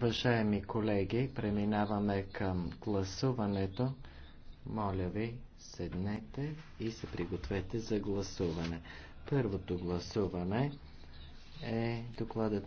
Уважаеми колеги, преминаваме към гласуването. Моля ви, седнете и се пригответе за гласуване. Първото гласуване е докладът